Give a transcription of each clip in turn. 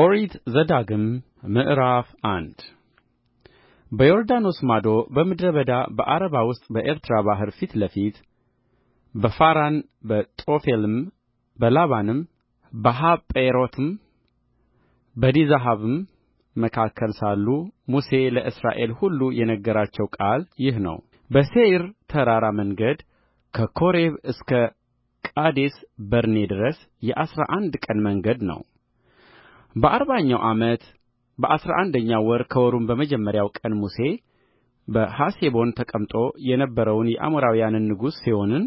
ኦሪት ዘዳግም ምዕራፍ አንድ በዮርዳኖስ ማዶ በምድረ በዳ በዓረባ ውስጥ በኤርትራ ባሕር ፊት ለፊት በፋራን በጦፌልም በላባንም በሐጼሮትም በዲዛሃብም መካከል ሳሉ ሙሴ ለእስራኤል ሁሉ የነገራቸው ቃል ይህ ነው። በሴይር ተራራ መንገድ ከኮሬብ እስከ ቃዴስ በርኔ ድረስ የዐሥራ አንድ ቀን መንገድ ነው። በአርባኛው ዓመት በአሥራ አንደኛው ወር ከወሩም በመጀመሪያው ቀን ሙሴ በሐሴቦን ተቀምጦ የነበረውን የአሞራውያንን ንጉሥ ሴዎንን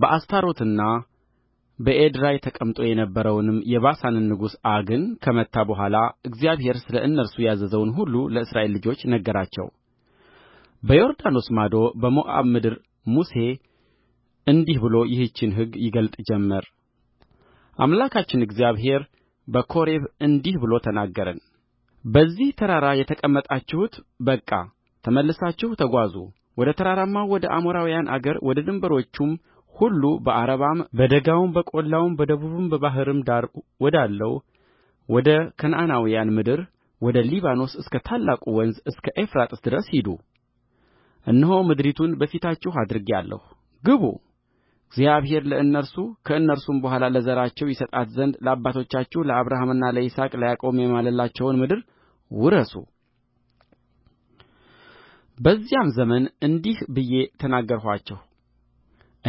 በአስታሮትና በኤድራይ ተቀምጦ የነበረውንም የባሳንን ንጉሥ ዐግን ከመታ በኋላ እግዚአብሔር ስለ እነርሱ ያዘዘውን ሁሉ ለእስራኤል ልጆች ነገራቸው። በዮርዳኖስ ማዶ በሞዓብ ምድር ሙሴ እንዲህ ብሎ ይህችን ሕግ ይገልጥ ጀመር። አምላካችን እግዚአብሔር በኮሬብ እንዲህ ብሎ በዚህ ተራራ የተቀመጣችሁት በቃ ተመልሳችሁ ተጓዙ ወደ ተራራማው ወደ አሞራውያን አገር ወደ ድንበሮቹም ሁሉ በዓረባም በደጋውም በቈላውም በደቡብም በባሕርም ዳር ወዳለው ወደ ከነዓናውያን ምድር ወደ ሊባኖስ እስከ ታላቁ ወንዝ እስከ ኤፍራጥስ ድረስ ሂዱ እነሆ ምድሪቱን በፊታችሁ አድርጌአለሁ ግቡ እግዚአብሔር ለእነርሱ ከእነርሱም በኋላ ለዘራቸው ይሰጣት ዘንድ ለአባቶቻችሁ ለአብርሃምና ለይስሐቅ ለያዕቆብም የማለላቸውን ምድር ውረሱ በዚያም ዘመን እንዲህ ብዬ ተናገርኋቸው፣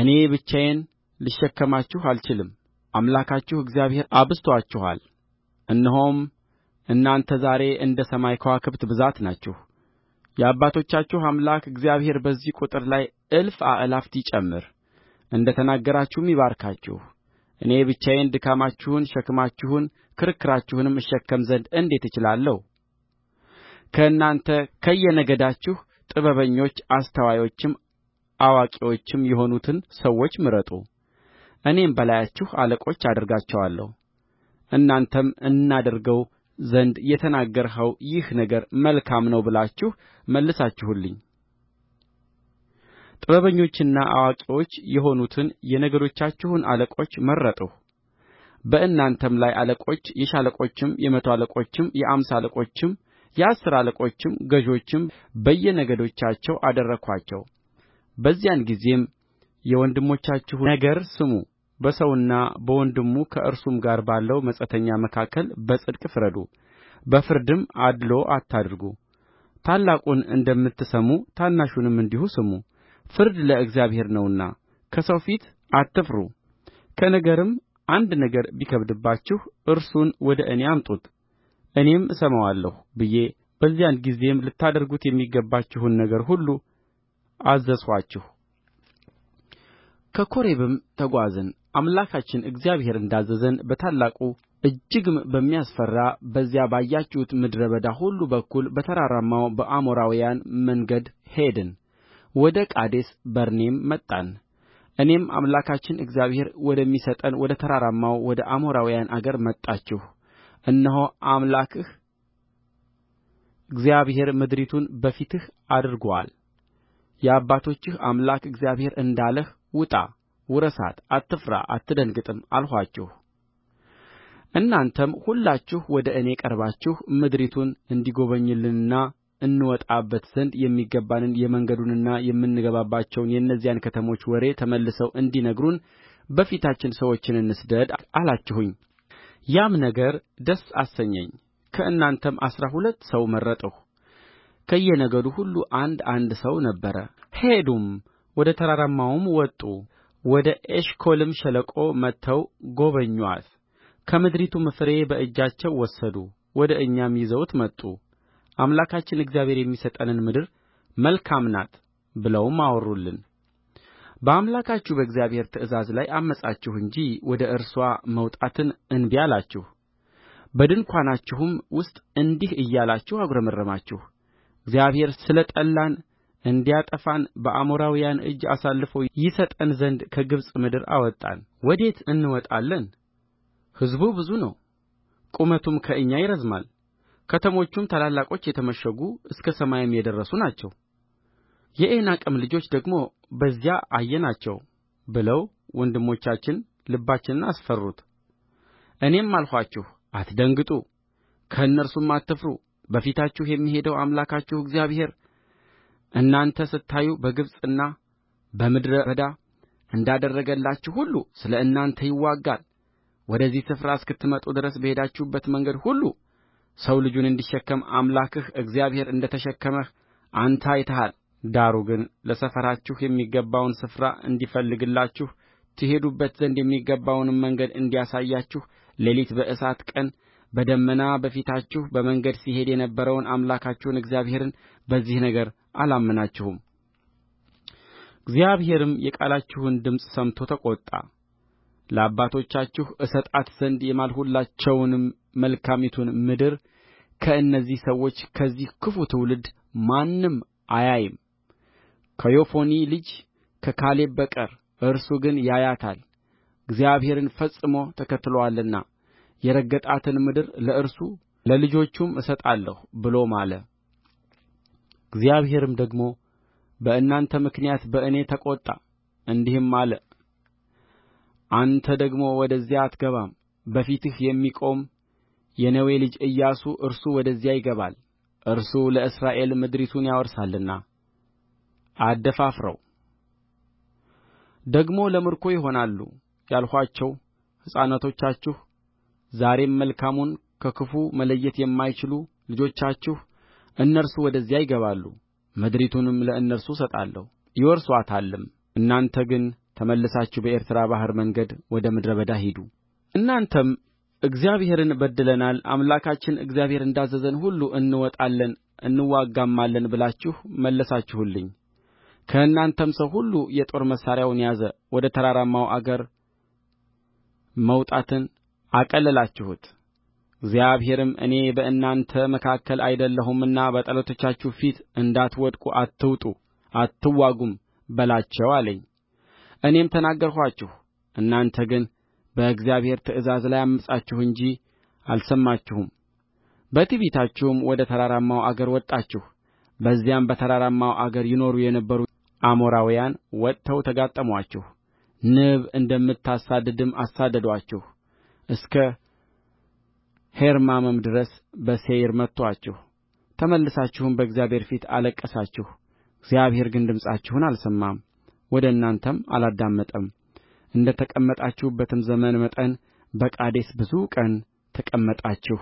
እኔ ብቻዬን ልሸከማችሁ አልችልም። አምላካችሁ እግዚአብሔር አብዝቶአችኋል። እነሆም እናንተ ዛሬ እንደ ሰማይ ከዋክብት ብዛት ናችሁ። የአባቶቻችሁ አምላክ እግዚአብሔር በዚህ ቁጥር ላይ እልፍ አእላፋት ይጨምር። እንደ ተናገራችሁም ይባርካችሁ እኔ ብቻዬን ድካማችሁን ሸክማችሁን ክርክራችሁንም እሸከም ዘንድ እንዴት እችላለሁ ከእናንተ ከየነገዳችሁ ጥበበኞች አስተዋዮችም አዋቂዎችም የሆኑትን ሰዎች ምረጡ እኔም በላያችሁ አለቆች አደርጋቸዋለሁ እናንተም እናደርገው ዘንድ የተናገርኸው ይህ ነገር መልካም ነው ብላችሁ መልሳችሁልኝ። ጥበበኞችና አዋቂዎች የሆኑትን የነገዶቻችሁን አለቆች መረጥሁ በእናንተም ላይ አለቆች የሻለቆችም የመቶ አለቆችም የአምሳ አለቆችም የአሥር አለቆችም ገዦችም በየነገዶቻቸው አደረግኋቸው በዚያን ጊዜም የወንድሞቻችሁን ነገር ስሙ በሰውና በወንድሙ ከእርሱም ጋር ባለው መጻተኛ መካከል በጽድቅ ፍረዱ በፍርድም አድልዎ አታድርጉ ታላቁን እንደምትሰሙ ታናሹንም እንዲሁ ስሙ ፍርድ ለእግዚአብሔር ነውና ከሰው ፊት አትፍሩ ከነገርም አንድ ነገር ቢከብድባችሁ እርሱን ወደ እኔ አምጡት እኔም እሰማዋለሁ ብዬ በዚያን ጊዜም ልታደርጉት የሚገባችሁን ነገር ሁሉ አዘዝኋችሁ። ከኮሬብም ተጓዝን አምላካችን እግዚአብሔር እንዳዘዘን በታላቁ እጅግም በሚያስፈራ በዚያ ባያችሁት ምድረ በዳ ሁሉ በኩል በተራራማው በአሞራውያን መንገድ ሄድን። ወደ ቃዴስ በርኔም መጣን እኔም አምላካችን እግዚአብሔር ወደሚሰጠን ወደ ተራራማው ወደ አሞራውያን አገር መጣችሁ እነሆ አምላክህ እግዚአብሔር ምድሪቱን በፊትህ አድርጎአል የአባቶችህ አምላክ እግዚአብሔር እንዳለህ ውጣ ውረሳት አትፍራ አትደንግጥም እናንተም ሁላችሁ ወደ እኔ ቀርባችሁ ምድሪቱን እንዲጎበኙልንና እንወጣበት ዘንድ የሚገባንን የመንገዱንና የምንገባባቸውን የእነዚያን ከተሞች ወሬ ተመልሰው እንዲነግሩን በፊታችን ሰዎችን እንስደድ አላችሁኝ ያም ነገር ደስ አሰኘኝ ከእናንተም አሥራ ሁለት ሰው መረጥሁ ከየነገዱ ሁሉ አንድ አንድ ሰው ነበረ ሄዱም ወደ ተራራማውም ወጡ ወደ ኤሽኮልም ሸለቆ መጥተው ጐበኙአት ከምድሪቱም ፍሬ በእጃቸው ወሰዱ ወደ እኛም ይዘውት መጡ አምላካችን እግዚአብሔር የሚሰጠንን ምድር መልካም ናት ብለውም አወሩልንበአምላካችሁ በእግዚአብሔር ትእዛዝ ላይ ዐመፃችሁ እንጂ ወደ እርስዋ መውጣትን እንቢ አላችሁ በድንኳናችሁም ውስጥ እንዲህ እያላችሁ አጕረመረማችሁ እግዚአብሔር ስለ ጠላን እንዲያጠፋን በአሞራውያን እጅ አሳልፎ ይሰጠን ዘንድ ከግብፅ ምድር አወጣን። ወዴት እንወጣለን ሕዝቡ ብዙ ነው ቁመቱም ከእኛ ይረዝማል ከተሞቹም ታላላቆች የተመሸጉ እስከ ሰማይም የደረሱ ናቸው የዔናቅም ልጆች ደግሞ በዚያ አየናቸው ብለው ወንድሞቻችን ልባችንን አስፈሩት እኔም አልኋችሁ አትደንግጡ ከእነርሱም አትፍሩ በፊታችሁ የሚሄደው አምላካችሁ እግዚአብሔር እናንተ ስታዩ በግብፅና በምድረ በዳ እንዳደረገላችሁ ሁሉ ስለ እናንተ ይዋጋል ወደዚህ ስፍራ እስክትመጡ ድረስ በሄዳችሁበት መንገድ ሁሉ ሰው ልጁን እንዲሸከም አምላክህ እግዚአብሔር እንደ ተሸከመህ አንተ ዳሩ ግን ለሰፈራችሁ የሚገባውን ስፍራ እንዲፈልግላችሁ ትሄዱበት ዘንድ የሚገባውንም መንገድ እንዲያሳያችሁ ሌሊት በእሳት ቀን በደመና በፊታችሁ በመንገድ ሲሄድ የነበረውን አምላካችሁን እግዚአብሔርን በዚህ ነገር አላመናችሁም። እግዚአብሔርም የቃላችሁን ድምፅ ሰምቶ ተቈጣ ለአባቶቻችሁ እሰጣት ዘንድ የማልሁላቸውንም መልካሚቱን ምድር ከእነዚህ ሰዎች ከዚህ ክፉ ትውልድ ማንም አያይም ከዮፎኒ ልጅ ከካሌብ በቀር እርሱ ግን ያያታል እግዚአብሔርን ፈጽሞ ተከትሎአልና የረገጣትን ምድር ለእርሱ ለልጆቹም እሰጣለሁ ብሎ ማለ እግዚአብሔርም ደግሞ በእናንተ ምክንያት በእኔ ተቈጣ እንዲህም አለ አንተ ደግሞ ወደዚያ አትገባም በፊትህ የሚቆም የነዌ ልጅ ኢያሱ እርሱ ወደዚያ ይገባል እርሱ ለእስራኤል ምድሪቱን ያወርሳልና አደፋፍረው ደግሞ ለምርኮ ይሆናሉ ያልኋቸው ሕፃናቶቻችሁ ዛሬም መልካሙን ከክፉ መለየት የማይችሉ ልጆቻችሁ እነርሱ ወደዚያ ይገባሉ ምድሪቱንም ለእነርሱ እሰጣለሁ ይወርሱአታልም እናንተ ግን ተመልሳችሁ በኤርትራ ባሕር መንገድ ወደ ምድረ በዳ ሂዱእናንተም እግዚአብሔርን በድለናል አምላካችን እግዚአብሔር እንዳዘዘን ሁሉ እንወጣለን እንዋጋማለን ብላችሁ መለሳችሁልኝ ከእናንተም ሰው ሁሉ የጦር መሣሪያውን ያዘ ወደ ተራራማው አገር መውጣትን አቀለላችሁት እግዚአብሔርም እኔ በእናንተ መካከል አይደለሁምና በጠላቶቻችሁ ፊት እንዳትወድቁ አትውጡ አትዋጉም በላቸው አለኝ እኔም ተናገርኋችሁ እናንተ ግን በእግዚአብሔር ትእዛዝ ላይ ዐመፃችሁ እንጂ አልሰማችሁም። በትዕቢታችሁም ወደ ተራራማው አገር ወጣችሁ በዚያም በተራራማው አገር ይኖሩ የነበሩ አሞራውያን ወጥተው ተጋጠሙአችሁ ንብ እንደምታሳድድም አሳደዱአችሁ እስከ ሔርማም ድረስ በሴይር መቱአችሁ ተመልሳችሁም በእግዚአብሔር ፊት አለቀሳችሁ እግዚአብሔር ግን ድምፃችሁን አልሰማም ወደ እናንተም አላዳመጠም እንደ ተቀመጣችሁበትም ዘመን መጠን በቃዴስ ብዙ ቀን ተቀመጣችሁ